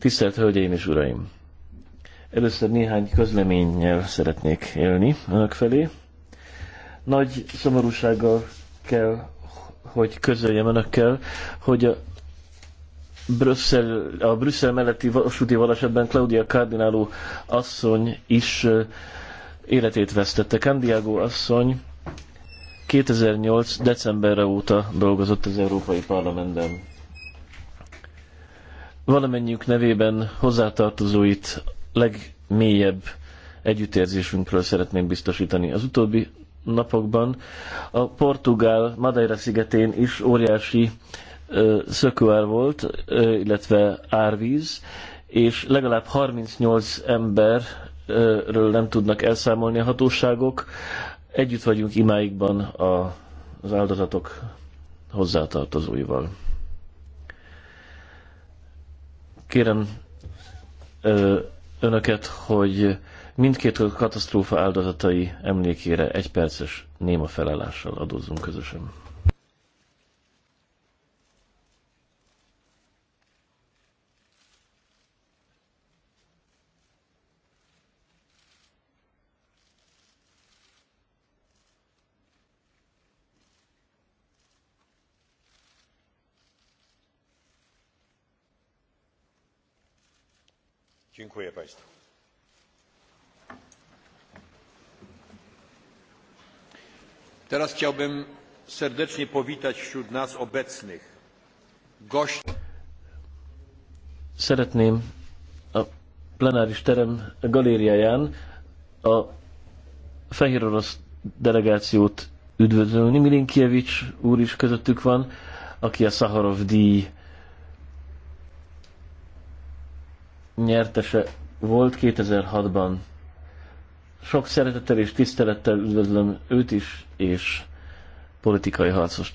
Tisztelt Hölgyeim és Uraim! Először néhány közleménnyel szeretnék élni önök felé. Nagy szomorúsággal kell, hogy közöljem önökkel, hogy a Brüsszel, a Brüsszel melletti vasúti balesetben Claudia Cardináló asszony is életét vesztette. Candiago asszony 2008. decemberre óta dolgozott az Európai Parlamentben valamennyiük nevében hozzátartozóit legmélyebb együttérzésünkről szeretnénk biztosítani. Az utóbbi napokban a Portugál Madeira szigetén is óriási szökőár volt, ö, illetve árvíz, és legalább 38 emberről nem tudnak elszámolni a hatóságok. Együtt vagyunk imáikban a, az áldozatok hozzátartozóival. Kérem önöket, hogy mindkét katasztrófa áldozatai emlékére egy perces néma felállással adózzunk közösen. dziękuję państwu. teraz chciałbym serdecznie powitać wśród nas obecnych gości. Szeretném a plenáris terem galériáján a fehér orosz delegációt üdvözölni. Milinkiewicz úr is közöttük van, aki a Szaharov díj nyertese volt 2006-ban. Sok szeretettel és tisztelettel üdvözlöm őt is, és politikai harcos